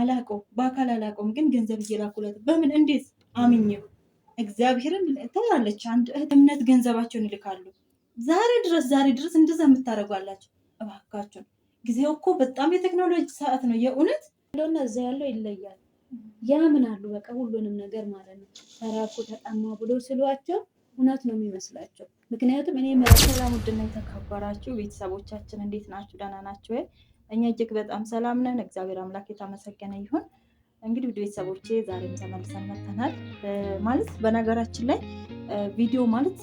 አላቀው በአካል አላቀውም፣ ግን ገንዘብ እየላኩለት በምን እንዴት አምኜው እግዚአብሔርን ትላለች አንድ እህት እምነት ገንዘባቸውን ይልካሉ። ዛሬ ድረስ ዛሬ ድረስ እንደዛ የምታደርጓላቸው እባካቸውን። ጊዜው እኮ በጣም የቴክኖሎጂ ሰዓት ነው። የእውነት እንደሆነ እዛ ያለው ይለያል። ያምናሉ በቃ ሁሉንም ነገር ማለት ነው። ተራኩ ተጠማ ብሎ ስሏቸው እውነት ነው የሚመስላቸው። ምክንያቱም እኔ መሰላ ውድና የተከበራችሁ ቤተሰቦቻችን እንዴት ናችሁ? ደህና ናቸው ወይ? እኛ እጅግ በጣም ሰላም ነን። እግዚአብሔር አምላክ የተመሰገነ ይሁን። እንግዲህ ውድ ቤተሰቦቼ ዛሬም ተመልሰን መጥተናል። ማለት በነገራችን ላይ ቪዲዮ ማለት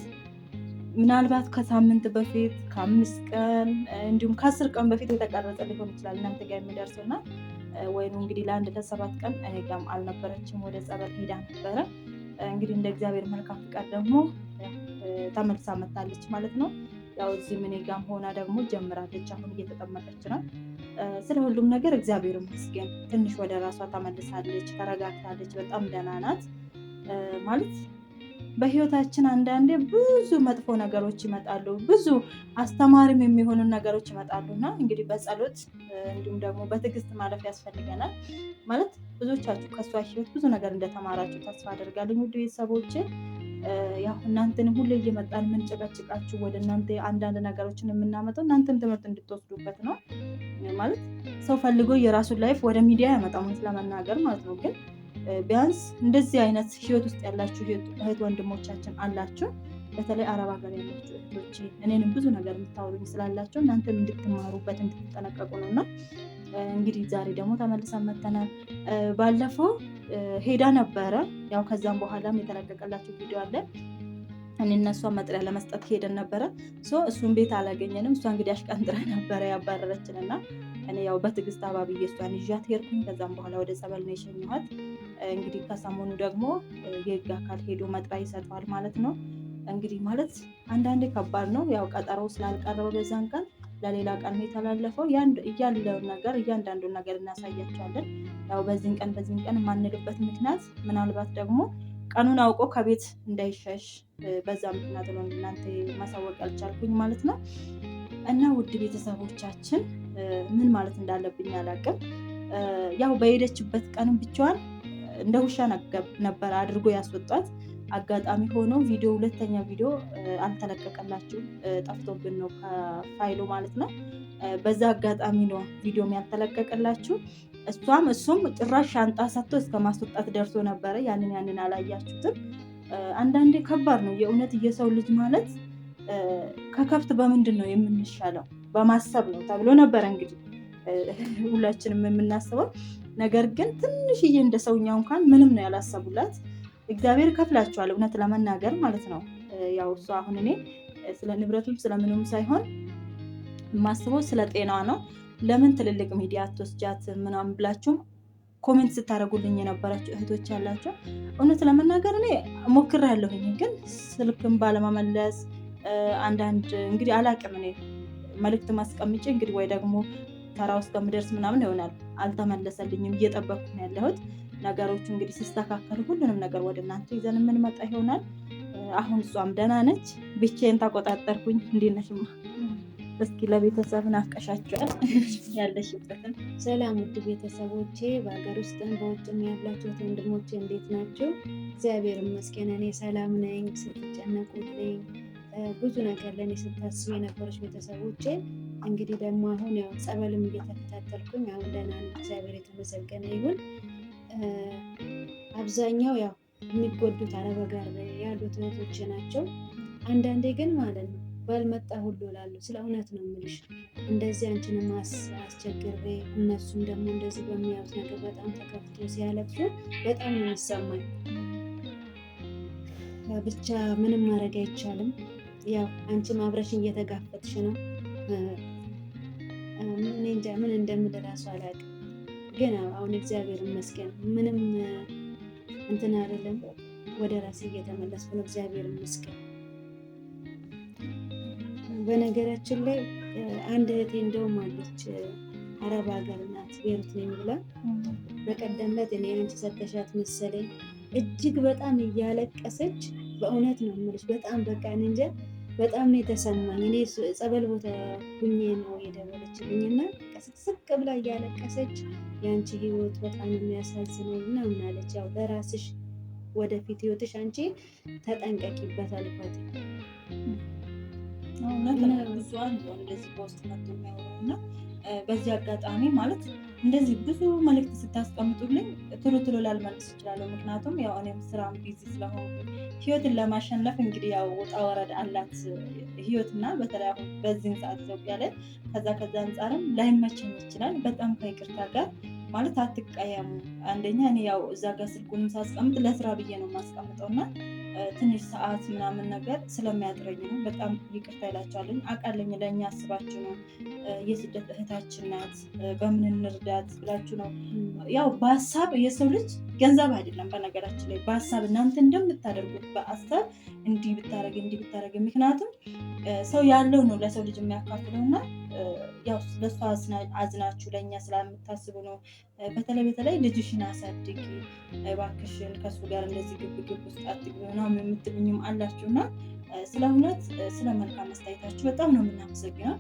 ምናልባት ከሳምንት በፊት ከአምስት ቀን እንዲሁም ከአስር ቀን በፊት የተቀረጸ ሊሆን ይችላል እናንተ ጋር የሚደርሰውና ወይም እንግዲህ ለአንድ ለሰባት ቀን እኔ ጋም አልነበረችም፣ ወደ ጸበል ሄዳ ነበረ። እንግዲህ እንደ እግዚአብሔር መልካም ፍቃድ ደግሞ ተመልሳ መታለች ማለት ነው። ያው እዚህ እኔ ጋም ሆና ደግሞ ጀምራለች። አሁን እየተጠመቀች ነው። ስለ ሁሉም ነገር እግዚአብሔር ይመስገን። ትንሽ ወደ ራሷ ተመልሳለች፣ ተረጋግታለች። በጣም ደህና ናት። ማለት በህይወታችን አንዳንዴ ብዙ መጥፎ ነገሮች ይመጣሉ፣ ብዙ አስተማሪም የሚሆኑ ነገሮች ይመጣሉ እና እንግዲህ በጸሎት እንዲሁም ደግሞ በትዕግስት ማለፍ ያስፈልገናል። ማለት ብዙዎቻችሁ ከእሷ ህይወት ብዙ ነገር እንደተማራችሁ ተስፋ አደርጋለሁ ውድ ያው እናንተንም ሁሌ እየመጣን የምንጨቀጭቃችሁ ወደ እናንተ አንዳንድ ነገሮችን የምናመጣው እናንተም ትምህርት እንድትወስዱበት ነው። ማለት ሰው ፈልጎ የራሱን ላይፍ ወደ ሚዲያ ያመጣ ለመናገር ማለት ነው። ግን ቢያንስ እንደዚህ አይነት ህይወት ውስጥ ያላችሁ እህት ወንድሞቻችን አላችሁ። በተለይ አረብ ሀገር ያላችሁ እህቶች እኔንም ብዙ ነገር የምታወሩኝ ስላላቸው እናንተም እንድትማሩበት እንድትጠነቀቁ ነው እና እንግዲህ ዛሬ ደግሞ ተመልሰን መተናል። ባለፈው ሄዳ ነበረ። ያው ከዛም በኋላም የተለቀቀላቸው ቪዲዮ አለ። እኔ እነሷ መጥሪያ ለመስጠት ሄደን ነበረ። እሱን ቤት አላገኘንም። እሷ እንግዲህ አሽቀንጥረ ነበረ ያባረረችን እና እኔ ያው በትዕግስት አባብዬ እሷን ይዣት ሄድኩኝ። ከዛም በኋላ ወደ ጸበል ነው የሸኘኋት። እንግዲህ ከሰሞኑ ደግሞ የህግ አካል ሄዶ መጥሪያ ይሰጠዋል ማለት ነው። እንግዲህ ማለት አንዳንዴ ከባድ ነው። ያው ቀጠሮ ስላልቀረበ በዛን ቀን ለሌላ ቀን የተላለፈው እያለውን ነገር እያንዳንዱን ነገር እናሳያቸዋለን። ያው በዚህን ቀን በዚህን ቀን የማንልበት ምክንያት ምናልባት ደግሞ ቀኑን አውቆ ከቤት እንዳይሸሽ በዛ ምክንያት ነው እናንተ ማሳወቅ ያልቻልኩኝ ማለት ነው። እና ውድ ቤተሰቦቻችን ምን ማለት እንዳለብኝ አላቅም ያው በሄደችበት ቀንም ብቻዋን እንደ ውሻ ነበር አድርጎ ያስወጧት። አጋጣሚ ሆኖ ቪዲዮ ሁለተኛ ቪዲዮ አልተለቀቀላችሁም፣ ጠፍቶብን ነው ከፋይሉ ማለት ነው። በዛ አጋጣሚ ነው ቪዲዮም ያልተለቀቀላችሁ። እሷም እሱም ጭራሽ ሻንጣ ሰጥቶ እስከ ማስወጣት ደርሶ ነበረ። ያንን ያንን አላያችሁትም። አንዳንዴ ከባድ ነው የእውነት የሰው ልጅ ማለት ከከብት በምንድን ነው የምንሻለው? በማሰብ ነው ተብሎ ነበረ እንግዲህ ሁላችንም የምናስበው ነገር ግን ትንሽዬ እንደ ሰውኛ እንኳን ምንም ነው ያላሰቡላት። እግዚአብሔር ከፍላቸዋል። እውነት ለመናገር ማለት ነው። ያው እሱ አሁን እኔ ስለ ንብረቱም ስለምንም ሳይሆን የማስበው ስለ ጤና ነው። ለምን ትልልቅ ሚዲያ አትወስጃት ምናምን ብላችሁም ኮሜንት ስታደርጉልኝ የነበራችሁ እህቶች ያላቸው እውነት ለመናገር እኔ ያለሁኝ ግን ስልክን ባለመመለስ አንዳንድ እንግዲህ አላቅም እኔ መልእክት ማስቀምጭ እንግዲህ ወይ ደግሞ ተራው እስከምደርስ ምናምን ይሆናል አልተመለሰልኝም። እየጠበኩ ነው ያለሁት ነገሮች እንግዲህ ሲስተካከሉ ሁሉንም ነገር ወደ እናንተ ይዘን የምንመጣ ይሆናል። አሁን እሷም ደህና ነች፣ ብቻዬን ተቆጣጠርኩኝ። እንዴት ነሽማ? እስኪ ለቤተሰብ ናፍቀሻቸዋል ያለሽበትን። ሰላም ውድ ቤተሰቦቼ፣ በሀገር ውስጥም በውጭም ያላችሁት ወንድሞቼ እንዴት ናቸው? እግዚአብሔር ይመስገን እኔ ሰላም ነኝ። ስትጨነቁልኝ ብዙ ነገር ለእኔ ስታስቡ የነበረች ቤተሰቦቼ እንግዲህ ደግሞ አሁን ያው ጸበልም እየተከታተልኩኝ አሁን ደህና ነው። እግዚአብሔር የተመሰገነ ይሁን። አብዛኛው ያው የሚጎዱት አረብ ሀገር ያሉት እህቶች ናቸው። አንዳንዴ ግን ማለት ነው ባልመጣ ሁሉ ላሉ ስለ እውነት ነው የምልሽ። እንደዚህ አንቺንም አስቸግሬ እነሱም ደግሞ እንደዚህ በሚያዩት ነገር በጣም ተከፍቶ ሲያለቅሱ በጣም ነው የሚሰማኝ። ብቻ ምንም ማድረግ አይቻልም። ያው አንቺም አብረሽን እየተጋፈጥሽ ነው። ምን እንደምል እራሱ አላውቅም። ግን አሁን እግዚአብሔር ይመስገን ምንም እንትን አይደለም። ወደ ራሴ እየተመለስኩ ነው። እግዚአብሔር ይመስገን። በነገራችን ላይ አንድ እህቴ እንደውም አለች አረብ ሀገር ናት ቤሩት ነኝ ብላ በቀደምለት እኔ አንቺ ሰተሻት መሰለኝ እጅግ በጣም እያለቀሰች በእውነት ነው የምልሽ። በጣም በቃ እኔ እንጃ በጣም ነው የተሰማኝ። እኔ ጸበል ቦታ ሁኜ ነው የደወለችልኝና ስቅስቅ ብላ እያለቀሰች የአንቺ ህይወት በጣም የሚያሳዝነኝ ምናምን ምናለች። ያው ለራስሽ ወደፊት ህይወትሽ አንቺ ተጠንቀቂበት አልኳት። ነው እና ብዙን እንደዚህ በውስጥ መጥቶ የሚያወራው እና በዚህ አጋጣሚ ማለት እንደዚህ ብዙ መልዕክት ስታስቀምጡልኝ ቶሎ ቶሎ ላልመልስ እችላለሁ። ምክንያቱም ያው እኔም ስራም ቢዚ ስለሆኑ ህይወትን ለማሸነፍ እንግዲህ ያው ውጣ ወረድ አላት ህይወትና በተለይ አሁን በዚህን ሰዓት ኢትዮጵያ ላይ ከዛ ከዛ አንጻርም ላይመቸኝ ይችላል። በጣም ከይቅርታ ጋር ማለት አትቀየሙ። አንደኛ እኔ ያው እዛ ጋር ስልኩንም ሳስቀምጥ ለስራ ብዬ ነው የማስቀምጠው እና ትንሽ ሰዓት ምናምን ነገር ስለሚያጥረኝ ነው። በጣም ይቅርታ ይላቸዋለኝ አቃለኝ። ለእኛ አስባችሁ ነው የስደት እህታችን ናት በምን እንርዳት ብላችሁ ነው ያው በሀሳብ የሰው ልጅ ገንዘብ አይደለም። በነገራችን ላይ በሀሳብ እናንተ እንደምታደርጉት በሀሳብ እንዲህ ብታደረግ እንዲህ ብታደረግ፣ ምክንያቱም ሰው ያለው ነው ለሰው ልጅ የሚያካፍለው እና ያው ለእሷ አዝናችሁ ለእኛ ስላምታስቡ ነው። በተለይ በተለይ ልጅሽን አሳድጊ እባክሽን፣ ከሱ ጋር እንደዚህ ግብ ግብ ውስጥ አትግቢ ምናምን የምትሉኝም አላችሁ እና ስለ እውነት ስለ መልካም አስተያየታችሁ በጣም ነው የምናመሰግነው።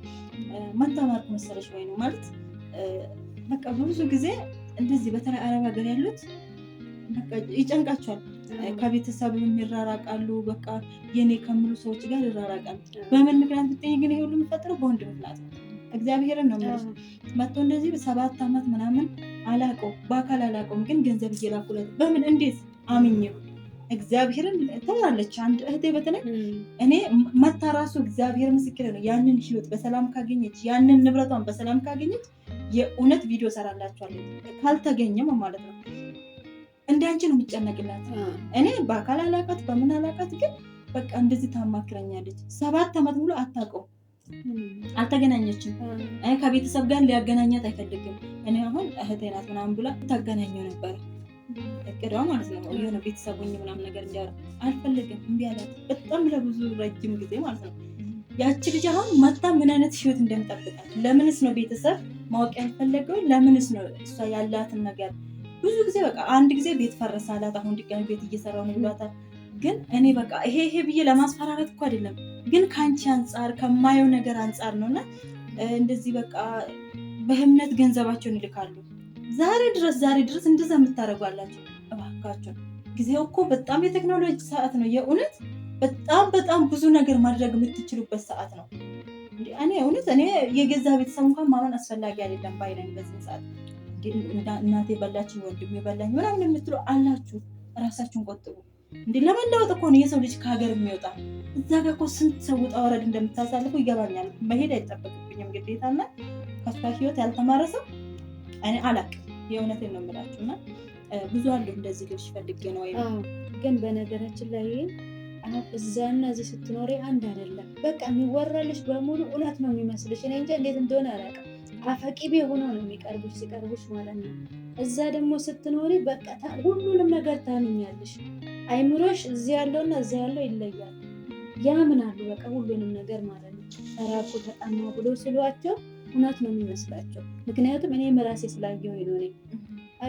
ማታማርክ መሰለች ወይ ነው ማለት በቃ በብዙ ጊዜ እንደዚህ በተለይ አረብ ሀገር ያሉት ይጨንቃቸዋል። ከቤተሰብ ይራራቃሉ። በቃ የኔ ከሚሉ ሰዎች ጋር ይራራቃሉ። በምን ምክንያት ብትይኝ ግን ይሄ ሁሉ የሚፈጥረው በወንድ ምክንያት ነው። እግዚአብሔርን ነው ምለ መጥቶ እንደዚህ ሰባት ዓመት ምናምን አላቀው በአካል አላቀውም፣ ግን ገንዘብ እየላኩለት በምን እንዴት አምኜው እግዚአብሔርን ትላለች። አንድ እህቴ በተለይ እኔ መታ ራሱ እግዚአብሔር ምስክር ነው። ያንን ህይወት በሰላም ካገኘች ያንን ንብረቷን በሰላም ካገኘች የእውነት ቪዲዮ ሰራላችኋለሁ ካልተገኘም ማለት ነው እንደ አንቺ ነው የሚጨነቅላት። እኔ በአካል አላቃት በምን አላቃት፣ ግን በቃ እንደዚህ ታማክረኛለች። ሰባት ዓመት ሙሉ አታውቀው አልተገናኘችም። ከቤተሰብ ጋር ሊያገናኛት አይፈልግም። እኔ አሁን እህቴ ናት ምናምን ብላ ታገናኘው ነበረ እቅዷ ማለት ነው። የሆነ ቤተሰቡ ምናምን ነገር እንዲያረ አልፈልግም፣ እምቢ አላት። በጣም ለብዙ ረጅም ጊዜ ማለት ነው። ያቺ ልጅ አሁን መታ ምን አይነት ህይወት እንደምጠብቃት ለምንስ ነው ቤተሰብ ማወቅ ያልፈለገው? ለምንስ ነው እሷ ያላትን ነገር ብዙ ጊዜ በቃ አንድ ጊዜ ቤት ፈረሳላት፣ አሁን ድጋሚ ቤት እየሰራሁ ነው ይሏታል። ግን እኔ በቃ ይሄ ይሄ ብዬ ለማስፈራረት እኮ አይደለም፣ ግን ከአንቺ አንጻር ከማየው ነገር አንጻር ነው እና እንደዚህ በቃ በህምነት ገንዘባቸውን ይልካሉ። ዛሬ ድረስ ዛሬ ድረስ እንደዛ የምታደርጓላቸው እባካቸው። ጊዜው እኮ በጣም የቴክኖሎጂ ሰዓት ነው። የእውነት በጣም በጣም ብዙ ነገር ማድረግ የምትችሉበት ሰዓት ነው። እኔ እውነት እኔ የገዛ ቤተሰብ እንኳን ማመን አስፈላጊ አይደለም ባይለን በዚህ ሰዓት እናቴ በላችኝ፣ ወንድሜ በላኝ ምናምን የምትሉ አላችሁ። ራሳችሁን ቆጥቡ። እንዲ ለመለወጥ እኮ ነው የሰው ልጅ ከሀገር የሚወጣ። እዛ ጋር እኮ ስንት ሰው ውጣ ወረድ እንደምታሳልፉ ይገባኛል። መሄድ አይጠበቅብኝም ግዴታ እና ከሷ ህይወት ያልተማረ ሰው እኔ አላቅ። የእውነትን ነው የምላችሁ እና ብዙ አሉ እንደዚህ ልጅ ፈልጌ ነው ወይም ግን በነገራችን ላይ እዛና እዚህ ስትኖሪ አንድ አይደለም። በቃ የሚወራልሽ በሙሉ እውነት ነው የሚመስልሽ። እኔ እንጃ እንዴት እንደሆነ አላውቅም። አፈቂቤ ሆነው ነው የሚቀርቡሽ ሲቀርቡሽ ማለት ነው። እዛ ደግሞ ስትኖሪ በቃ ሁሉንም ነገር ታምኛለሽ። አይምሮሽ እዚህ ያለውና እዚህ ያለው ይለያል። ያምናሉ በቃ ሁሉንም ነገር ማለት ነው። ተራቁ ተጣማ ብሎ ስሏቸው እውነት ነው የሚመስላቸው። ምክንያቱም እኔ መራሴ ስላየው ነው።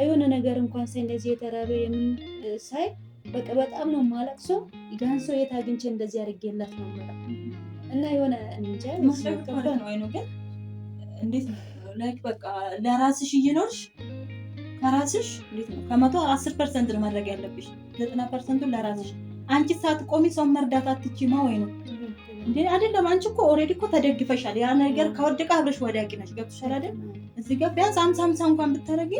የሆነ ነገር እንኳን ሳይ እንደዚህ የተራበ የምን ሳይ በቃ በጣም ነው የማለቅሰው። ያን ሰው የት አግኝቼ እንደዚህ አድርጌላት ነው እና የሆነ እንጃ ነው ግን እንዴት ላይክ በቃ ለራስሽ እየኖርሽ ከራስሽ እንዴት ነው ከመቶ አስር ፐርሰንት ነው ማድረግ ያለብሽ፣ ዘጠና ፐርሰንቱን ለራስሽ። አንቺ ሳትቆሚ ሰውን መርዳት አትችማ ወይ ነው እንዴ? አይደለም። አንቺ እኮ ኦልሬዲ እኮ ተደግፈሻል። ያ ነገር ከወደቀ አብረሽ ወዳቂ ነሽ። ገብቶሻል አይደል? እዚህ ጋር ቢያንስ አምሳ አምሳ እንኳን ብታደረጊ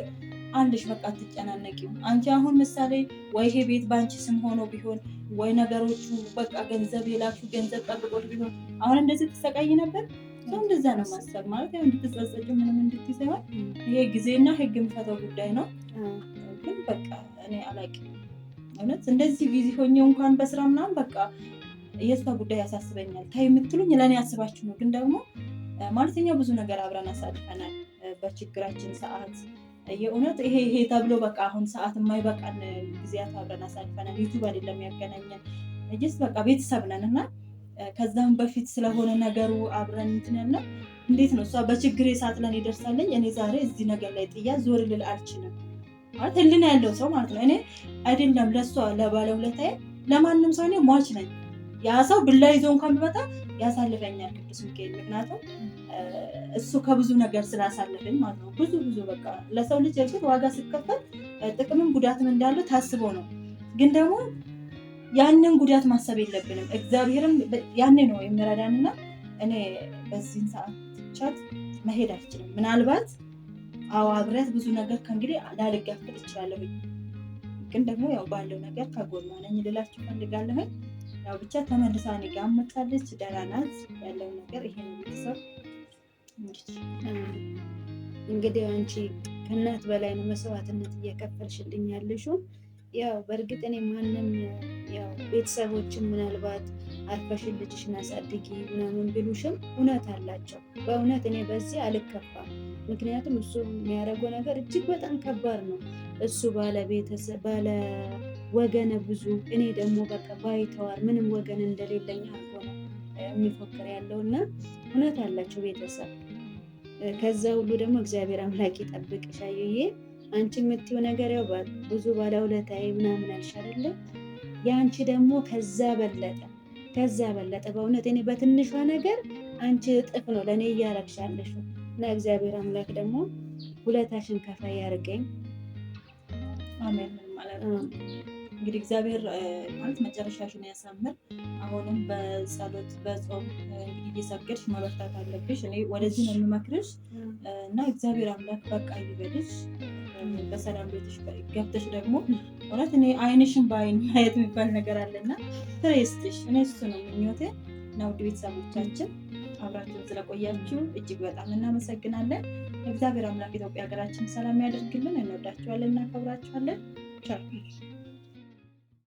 አለሽ። በቃ ትጨናነቂ አንቺ አሁን ምሳሌ ወይ ይሄ ቤት በአንቺ ስም ሆኖ ቢሆን ወይ ነገሮቹ በቃ ገንዘብ የላክሽው ገንዘብ ጠብቆች ቢሆን አሁን እንደዚህ ትሰቃይ ነበር። ሰው እንደዛ ነው ማሰብ ማለት ያው እንድትጸጸጭ ምንም እንድት ሳይሆን ይሄ ጊዜና ህግ የሚፈታው ጉዳይ ነው። ግን በቃ እኔ አላውቅም እውነት እንደዚህ ቢዚ ሆኜ እንኳን በስራ ምናምን በቃ የእሷ ጉዳይ ያሳስበኛል። ታይ የምትሉኝ ለእኔ ያስባችሁ ነው። ግን ደግሞ ማለት ብዙ ነገር አብረን አሳልፈናል በችግራችን ሰዓት የእውነት ይሄ ይሄ ተብሎ በቃ አሁን ሰዓት የማይበቃን ጊዜያት አብረን አሳልፈናል። ዩቱብ አይደለም ያገናኘን ጅስ በቃ ቤተሰብ ነን እና ከዛም በፊት ስለሆነ ነገሩ አብረን እንትን ያለ እንዴት ነው እሷ በችግሬ ሰዓት ለን እኔ ዛሬ እዚህ ነገር ላይ ጥያ ዞር ልል አልችልም። ማለት ህልና ያለው ሰው ማለት ነው። እኔ አይደለም ለእሷ ለባለውለታዬ ለማንም ሰው እኔ ሟች ነኝ። ያ ሰው ብላ ይዞ እንኳን ቢመጣ ያሳልፈኛል ቅዱስ ሚካኤል። ምክንያቱም እሱ ከብዙ ነገር ስላሳለፈኝ ማለት ነው። ብዙ ብዙ በቃ ለሰው ልጅ እርግጥ ዋጋ ሲከፈል ጥቅምም ጉዳትም እንዳለው ታስቦ ነው ግን ደግሞ ያንን ጉዳት ማሰብ የለብንም። እግዚአብሔርም ያኔ ነው የሚረዳንና እኔ በዚህን ሰዓት ብቻት መሄድ አልችልም። ምናልባት አዎ አብረት ብዙ ነገር ከእንግዲህ ላልጋፍል እችላለሁ፣ ግን ደግሞ ያው ባለው ነገር ከጎኗ ነኝ ልላችሁ ፈልጋለሁኝ። ያው ብቻ ተመልሳ እኔ ጋር መጣለች፣ ደህና ናት። ያለው ነገር ይሄ ነው። ቤተሰብ እንግዲህ አንቺ ከእናት በላይ ነው መስዋዕትነት እየከፈልሽልኝ ያለሽው ያው በእርግጥ እኔ ማንም ያው ቤተሰቦችን ምናልባት አርፈሽን ልጅሽን አሳድጊ ምናምን ቢሉሽም እውነት አላቸው። በእውነት እኔ በዚህ አልከፋም። ምክንያቱም እሱ የሚያደርገው ነገር እጅግ በጣም ከባድ ነው። እሱ ባለ ባለ ወገነ ብዙ፣ እኔ ደግሞ በቃ ባይተዋር ምንም ወገን እንደሌለኝ አድርጎ ነው የሚፎክር ያለው እና እውነት አላቸው ቤተሰብ። ከዛ ሁሉ ደግሞ እግዚአብሔር አምላክ ይጠብቅሽ አየዬ። አንቺ የምትይው ነገር ያው ብዙ ባለውለታዬ ምናምን አልሽ አይደለ? የአንቺ ደግሞ ከዛ በለጠ ከዛ በለጠ። በእውነት እኔ በትንሿ ነገር አንቺ እጥፍ ነው ለእኔ እያረግሻለሽ እና እግዚአብሔር አምላክ ደግሞ ውለታሽን ከፋ ያርገኝ። አሜን እንግዲህ እግዚአብሔር ማለት መጨረሻሽን ያሳምር። አሁንም በጸሎት በጾም እየሰገድሽ መበርታት አለብሽ። እኔ ወደዚህ ነው የምመክርሽ እና እግዚአብሔር አምላክ በቃ ይበልሽ። በሰላም ቤትሽ ገብተሽ ደግሞ እውነት እኔ አይንሽን በአይን ማየት የሚባል ነገር አለና ትሬስትሽ እኔ እሱ ነው ምኞቴ እና ውድ ቤተሰቦቻችን አብራችሁን ስለቆያችሁ እጅግ በጣም እናመሰግናለን። እግዚአብሔር አምላክ ኢትዮጵያ ሀገራችን ሰላም ያደርግልን። እንወዳችኋለን፣ እናከብራችኋለን። ቻ